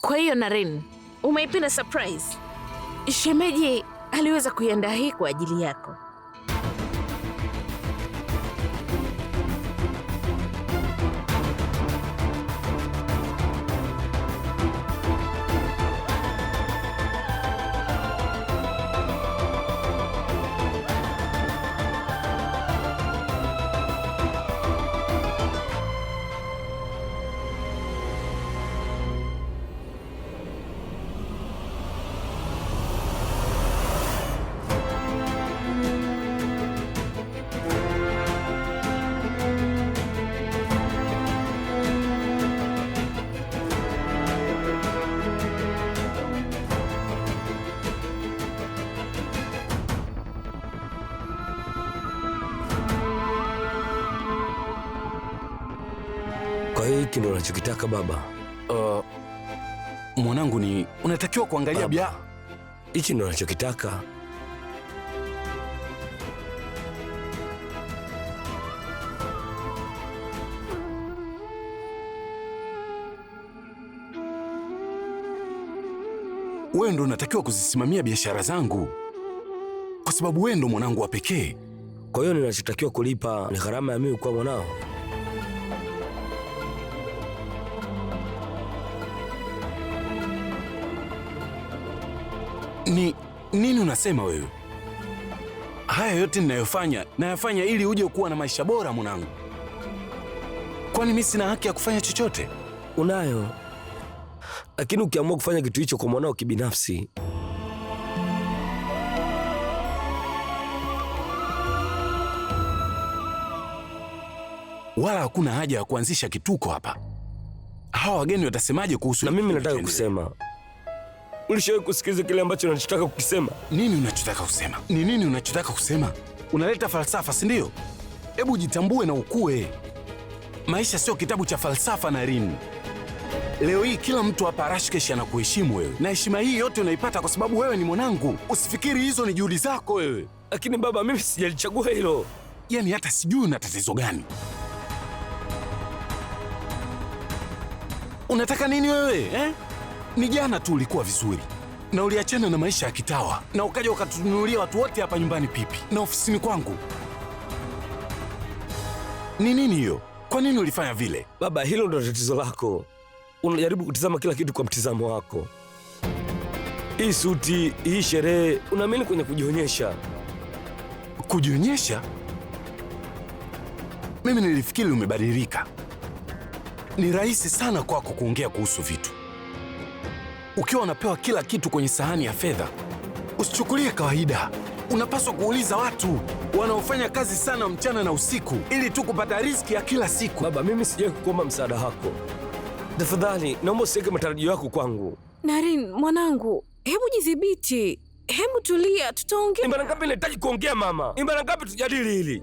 Kwa hiyo Naren, umeipenda surprise. Shemeji aliweza kuiandaa hii kwa ajili yako. hiki ndo unachokitaka baba? Uh, mwanangu ni unatakiwa kuangalia bia. Hichi ndo unachokitaka wewe ndo unatakiwa kuzisimamia biashara zangu, kwa sababu wewe ndo mwanangu wa pekee. Kwa hiyo ninachotakiwa kulipa ni gharama ya mimi kuwa mwanao. Ni nini unasema wewe? Haya yote ninayofanya nayafanya ili uje kuwa na maisha bora mwanangu. Kwani mimi sina haki ya kufanya chochote? Unayo, lakini ukiamua kufanya kitu hicho kwa mwanao kibinafsi wala hakuna haja ya kuanzisha kituko hapa. Hawa wageni watasemaje kuhusu? Na mimi nataka kusema Ulishawahi kusikiliza kile ambacho unachotaka kukisema? Nini unachotaka kusema? Ni nini unachotaka kusema? Unaleta falsafa, si ndio? Hebu jitambue na ukue. Maisha sio kitabu cha falsafa na rini. Leo hii kila mtu hapa Rashkesh anakuheshimu wewe, na heshima hii yote unaipata kwa sababu wewe ni mwanangu. Usifikiri hizo ni juhudi zako wewe. Lakini baba, mimi sijalichagua hilo. Yaani hata sijui una tatizo gani? Unataka nini wewe eh? Ni jana tu ulikuwa vizuri na uliachana na maisha ya kitawa na ukaja ukatununulia watu wote hapa nyumbani pipi na ofisini kwangu. Ni nini hiyo? Kwa nini ulifanya vile? Baba, hilo ndo tatizo lako. Unajaribu kutizama kila kitu kwa mtizamo wako. Hii suti, hii sherehe, unaamini kwenye kujionyesha. Kujionyesha? Mimi nilifikiri umebadilika. Ni rahisi sana kwako kuongea kuhusu vitu ukiwa unapewa kila kitu kwenye sahani ya fedha. Usichukulie kawaida, unapaswa kuuliza watu wanaofanya kazi sana mchana na usiku ili tu kupata riski ya kila siku. Baba, mimi sijai kukuomba msaada wako. Tafadhali naomba usiweke matarajio yako kwangu. narin mwanangu, hebu jidhibiti, hebu tulia, tutaongea. Ni ngapi nahitaji kuongea mama? imbarangapi ngapi tujadili hili?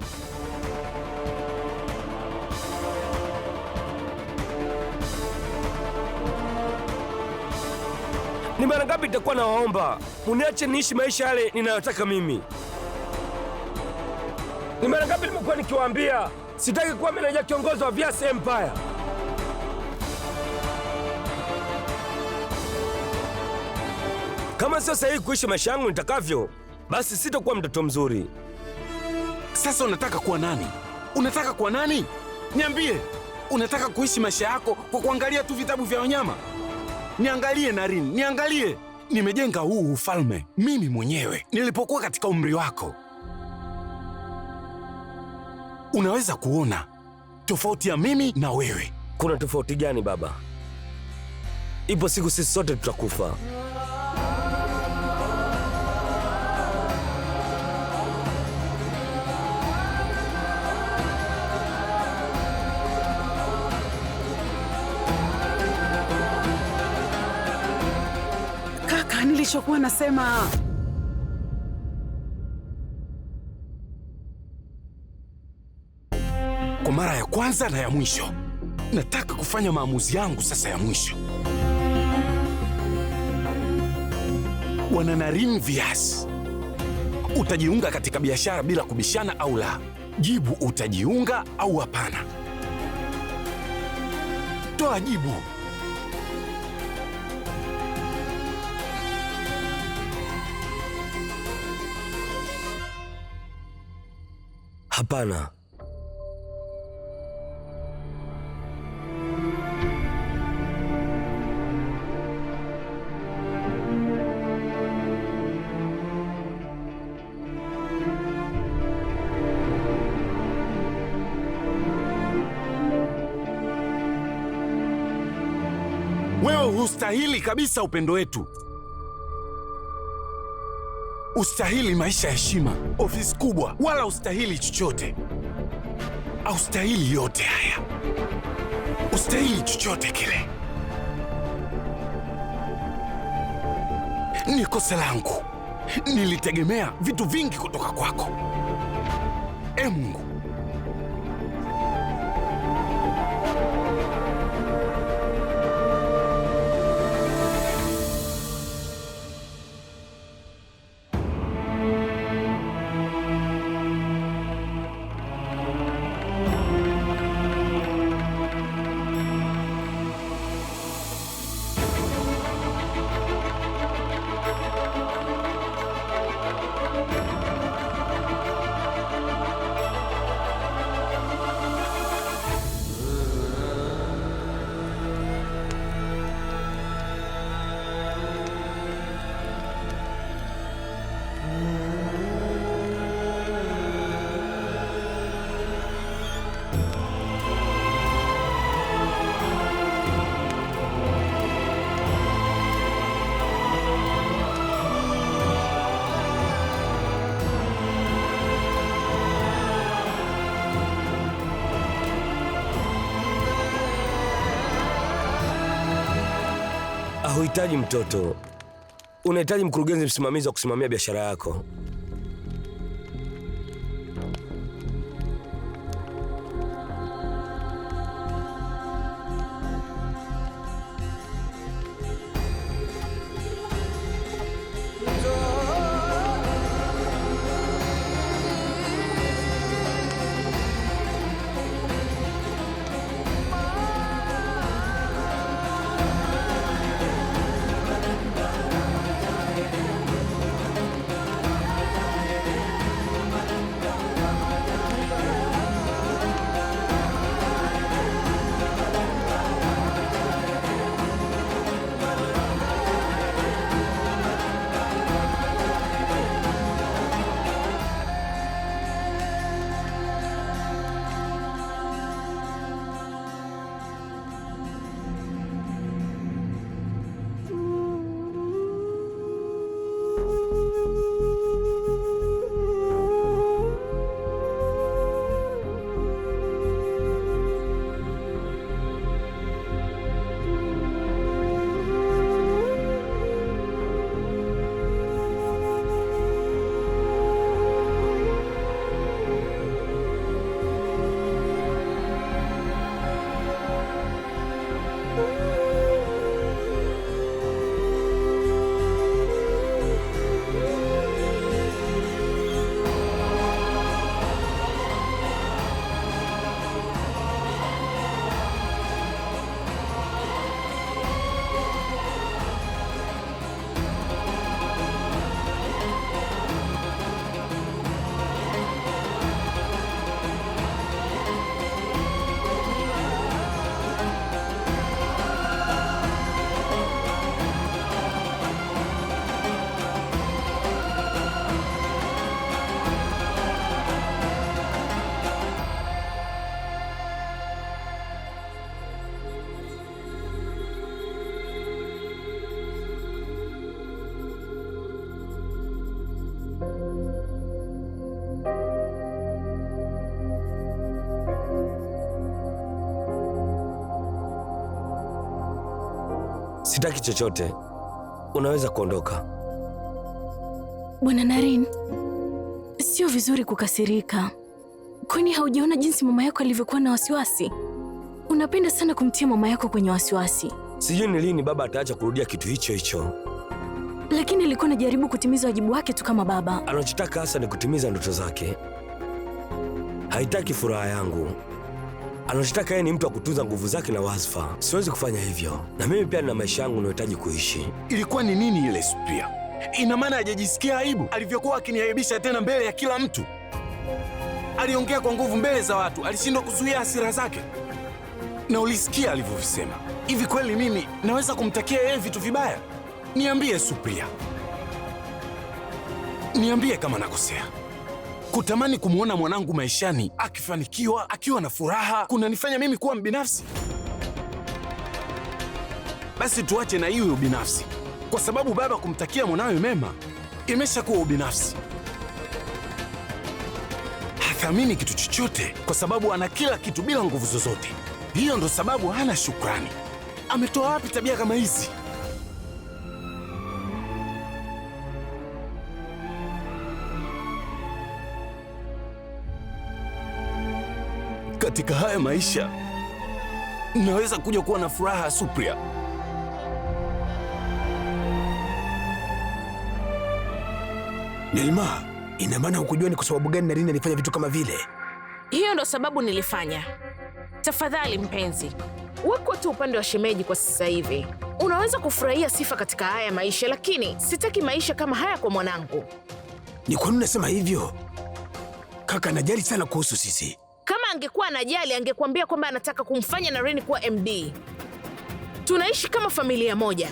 Ni mara ngapi nitakuwa nawaomba muniache niishi maisha yale ninayotaka mimi? Ni mara ngapi nimekuwa nikiwaambia sitaki kuwa meneja kiongozi wa Vyas Empire? Kama sio sahihi kuishi maisha yangu nitakavyo, basi sitakuwa mtoto mzuri. Sasa unataka kuwa nani? Unataka kuwa nani? Niambie, unataka kuishi maisha yako kwa kuangalia tu vitabu vya wanyama? niangalie Naren, niangalie. Nimejenga huu ufalme mimi mwenyewe nilipokuwa katika umri wako. Unaweza kuona tofauti ya mimi na wewe. Kuna tofauti gani baba? Ipo siku sisi sote tutakufa. nilichokuwa nasema. Kwa mara ya kwanza na ya mwisho, nataka kufanya maamuzi yangu sasa ya mwisho. Bwana Naren Vyas, utajiunga katika biashara bila kubishana au la? Jibu, utajiunga au hapana? Toa jibu. Hapana. Wewe hustahili kabisa upendo wetu. Ustahili maisha ya heshima, ofisi kubwa, wala ustahili chochote. Austahili yote haya, ustahili chochote kile. Ni kosa langu, nilitegemea vitu vingi kutoka kwako, e Mungu. Unahitaji mtoto, unahitaji mkurugenzi msimamizi wa kusimamia biashara yako. Sitaki chochote, unaweza kuondoka. Bwana Naren, sio vizuri kukasirika. Kwani haujaona jinsi mama yako alivyokuwa na wasiwasi? Unapenda sana kumtia mama yako kwenye wasiwasi. Sijui ni lini baba ataacha kurudia kitu hicho hicho, lakini alikuwa anajaribu kutimiza wajibu wake tu kama baba. Anachotaka hasa ni kutimiza ndoto zake, haitaki furaha yangu. Anachotaka yeye ni mtu wa kutunza nguvu zake na wazifa. Siwezi kufanya hivyo, na mimi pia nina maisha yangu ninayohitaji kuishi. Ilikuwa ni nini ile spia? Ina maana hajajisikia aibu alivyokuwa akiniaibisha tena mbele ya kila mtu. Aliongea kwa nguvu mbele za watu, alishindwa kuzuia hasira zake, na ulisikia alivyovisema. Hivi kweli mimi naweza kumtakia yeye vitu vibaya? Niambie Supriya, niambie kama nakosea. Kutamani kumwona mwanangu maishani akifanikiwa, akiwa na furaha, kunanifanya mimi kuwa mbinafsi. Basi tuache na iwe ubinafsi, kwa sababu baba kumtakia mwanawe mema imeshakuwa ubinafsi. Hathamini kitu chochote, kwa sababu ana kila kitu bila nguvu zozote. Hiyo ndo sababu hana shukrani. Ametoa wapi tabia kama hizi? katika haya maisha naweza kuja kuwa na furaha Supriya. Nilma, ina maana hukujua ni kwa sababu gani Naren alifanya vitu kama vile? Hiyo ndo sababu nilifanya. Tafadhali mpenzi, wekwa tu upande wa shemeji kwa sasa hivi. Unaweza kufurahia sifa katika haya maisha, lakini sitaki maisha kama haya kwa mwanangu. Ni kwa nini unasema hivyo? Kaka anajali sana kuhusu sisi angekuwa anajali angekuambia kwamba anataka kumfanya Naren kuwa MD. Tunaishi kama familia moja,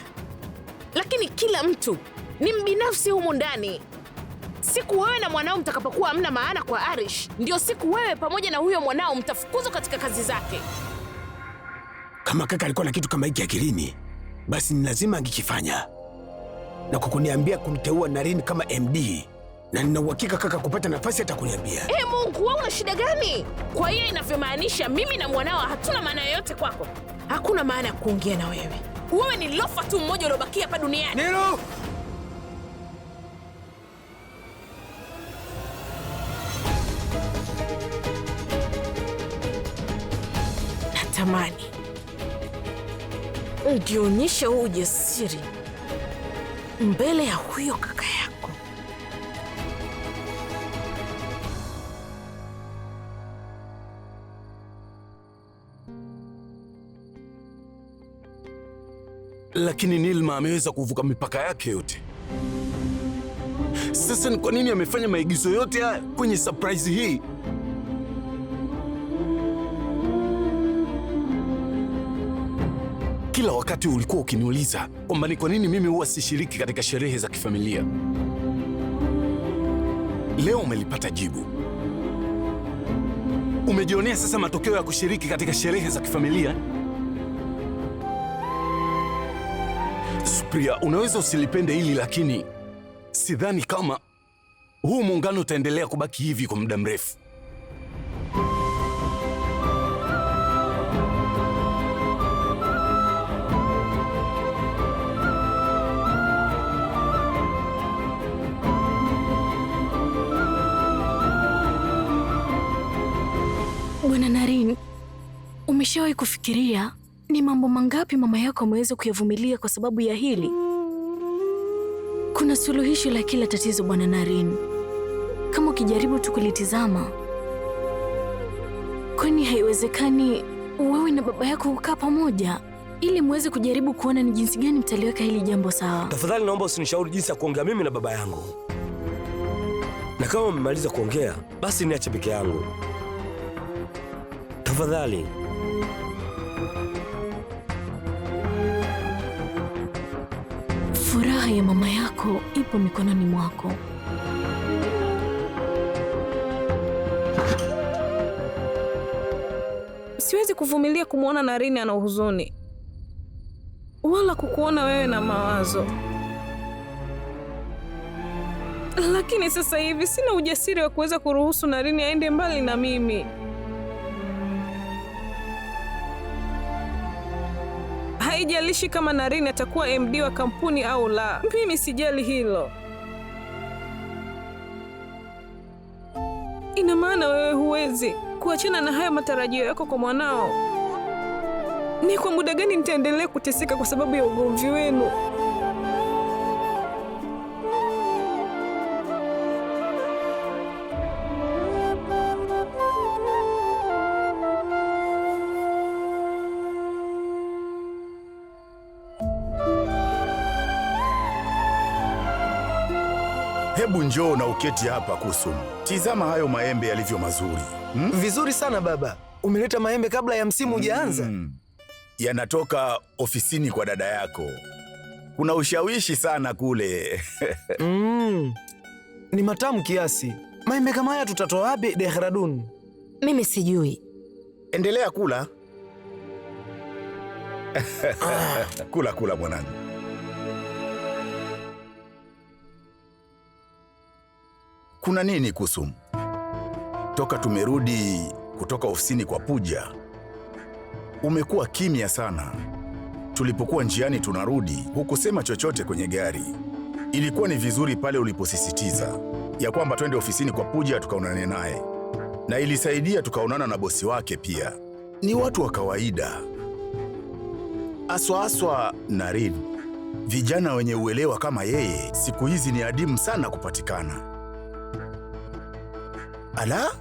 lakini kila mtu ni mbinafsi humu ndani. Siku wewe na mwanao mtakapokuwa hamna maana kwa Arish, ndio siku wewe pamoja na huyo mwanao mtafukuzwa katika kazi zake. Kama kaka alikuwa na kitu kama hiki akilini, basi ni lazima angekifanya, na kwa kuniambia kumteua Naren kama MD na nina uhakika kaka kupata nafasi hata E Mungu wewe una shida gani? Kwa hiyo inavyomaanisha mimi na mwanao hatuna maana yoyote kwako, hakuna maana ya kuongea na wewe. Wewe ni lofa tu mmoja uliobakia hapa duniani. Nilo! Natamani ungeonyesha huu ujasiri mbele ya huyo kaka yako lakini Nilma ameweza kuvuka mipaka yake yote. Sasa ni kwa nini amefanya maigizo yote haya kwenye surprise hii? Kila wakati ulikuwa ukiniuliza kwamba ni kwa nini mimi huwa sishiriki katika sherehe za kifamilia. Leo umelipata jibu. Umejionea sasa matokeo ya kushiriki katika sherehe za kifamilia. Priya, unaweza usilipende hili lakini sidhani kama huu muungano utaendelea kubaki hivi kwa muda mrefu. Bwana Naren, umeshawahi kufikiria ni mambo mangapi mama yako ameweza kuyavumilia kwa sababu ya hili? Kuna suluhisho la kila tatizo, Bwana Naren, kama ukijaribu tu kulitizama. Kwani haiwezekani wewe na baba yako kukaa pamoja ili mweze kujaribu kuona ni jinsi gani mtaliweka hili jambo sawa? Tafadhali naomba usinishauri jinsi ya kuongea mimi na baba yangu, na kama mmemaliza kuongea, basi niache peke yangu tafadhali. Furaha ya mama yako ipo mikononi mwako. Siwezi kuvumilia kumwona Naren ana huzuni, wala kukuona wewe na mawazo. Lakini sasa hivi sina ujasiri wa kuweza kuruhusu Naren aende mbali na mimi. haijalishi kama Naren atakuwa MD wa kampuni au la. Mimi sijali hilo. Ina maana wewe huwezi kuachana na hayo matarajio yako kwa mwanao? Ni kwa muda gani nitaendelea kuteseka kwa sababu ya ugomvi wenu? Hebu njoo na uketi hapa Kusum, tizama hayo maembe yalivyo mazuri hmm? Vizuri sana baba, umeleta maembe kabla ya msimu hujaanza. Hmm. Yanatoka ofisini kwa dada yako, kuna ushawishi sana kule. Hmm. Ni matamu kiasi. Maembe kama haya tutatoa wapi Dehradun? Mimi sijui. Endelea kula. Ah. Kula kula mwanangu. kuna nini Kusum? Toka tumerudi kutoka ofisini kwa Puja umekuwa kimya sana. Tulipokuwa njiani tunarudi, hukusema chochote kwenye gari. Ilikuwa ni vizuri pale uliposisitiza ya kwamba twende ofisini kwa Puja tukaonane naye, na ilisaidia tukaonana na bosi wake. Pia ni watu wa kawaida, aswa aswa Naren. Vijana wenye uelewa kama yeye siku hizi ni adimu sana kupatikana. Ala,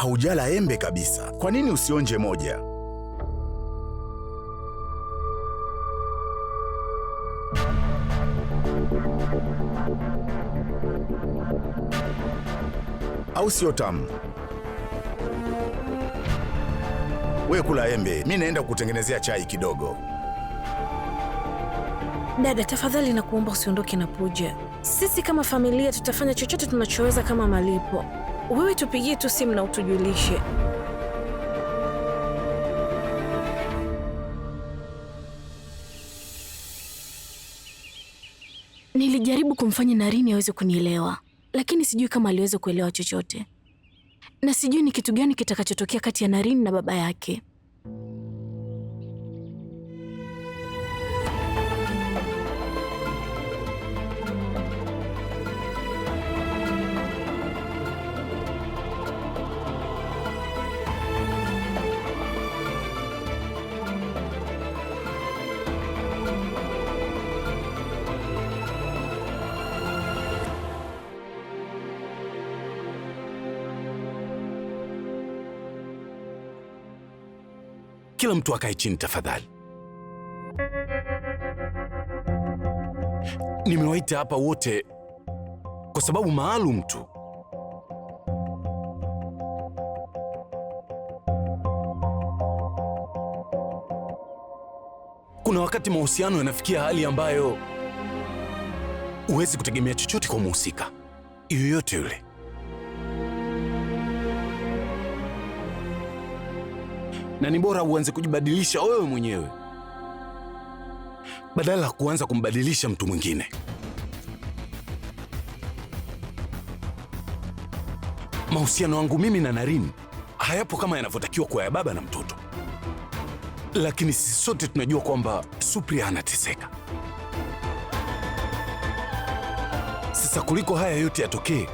haujala embe kabisa. Kwa nini usionje moja? Au sio tamu? We kula embe, mi naenda kutengenezea chai kidogo. Dada tafadhali, nakuomba usiondoke na Pooja. Sisi kama familia tutafanya chochote tunachoweza kama malipo. Wewe tupigie tu simu na utujulishe. Nilijaribu kumfanya Naren aweze kunielewa, lakini sijui kama aliweza kuelewa chochote, na sijui ni kitu gani kitakachotokea kati ya Naren na baba yake. kila mtu akae chini tafadhali. Nimewaita hapa wote kwa sababu maalum tu. Kuna wakati mahusiano yanafikia hali ambayo huwezi kutegemea chochote kwa muhusika yoyote yule. na ni bora uanze kujibadilisha wewe mwenyewe badala ya kuanza kumbadilisha mtu mwingine. Mahusiano yangu mimi na Naren hayapo kama yanavyotakiwa kwa ya baba na mtoto, lakini sisi sote tunajua kwamba Supriya anateseka. Sasa kuliko haya yote yatokee,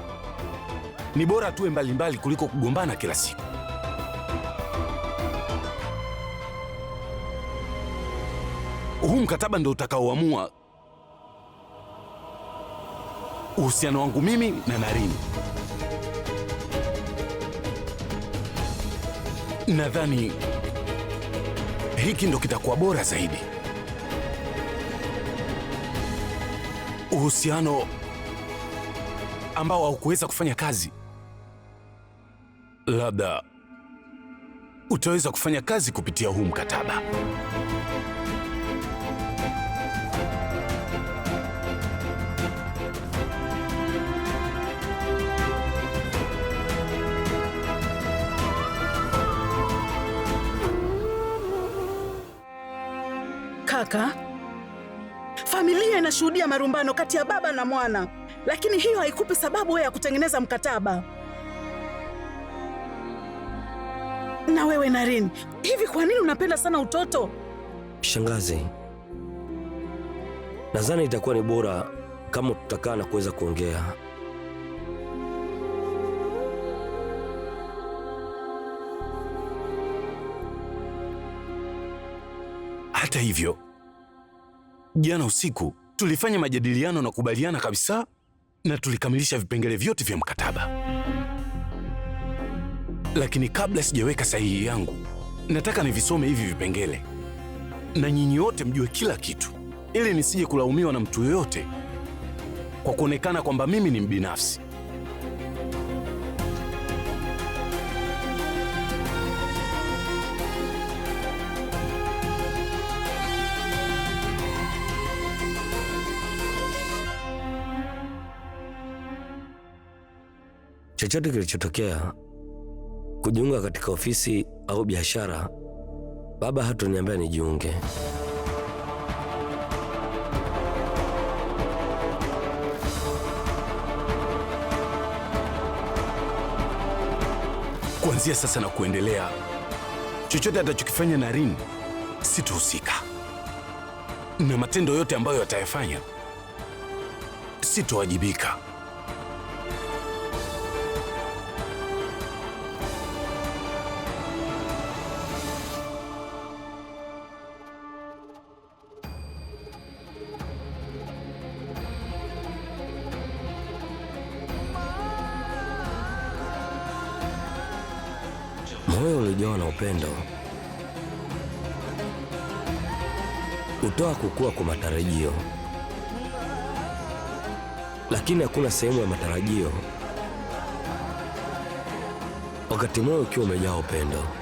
ni bora tuwe mbalimbali kuliko kugombana kila siku. huu mkataba ndio utakaoamua uhusiano wangu mimi na Naren. Nadhani hiki ndo kitakuwa bora zaidi. Uhusiano ambao haukuweza kufanya kazi, labda utaweza kufanya kazi kupitia huu mkataba. kaka. Familia inashuhudia marumbano kati ya baba na mwana, lakini hiyo haikupi sababu wewe ya kutengeneza mkataba. Na wewe Naren, hivi kwa nini unapenda sana utoto? Shangazi, nadhani itakuwa ni bora kama tutakaa na kuweza kuongea. Hata hivyo Jana usiku tulifanya majadiliano na kubaliana kabisa na tulikamilisha vipengele vyote vya mkataba, lakini kabla sijaweka sahihi yangu, nataka nivisome hivi vipengele na nyinyi wote mjue kila kitu, ili nisije kulaumiwa na mtu yoyote kwa kuonekana kwamba mimi ni mbinafsi. chochote kilichotokea, kujiunga katika ofisi au biashara, baba hatoniambia nijiunge. Kuanzia sasa na kuendelea, chochote atachokifanya Naren sitohusika, na matendo yote ambayo atayafanya sitowajibika. moyo uliojawa na upendo hutoa kukua kwa matarajio, lakini hakuna sehemu ya matarajio wakati moyo ukiwa umejaa upendo.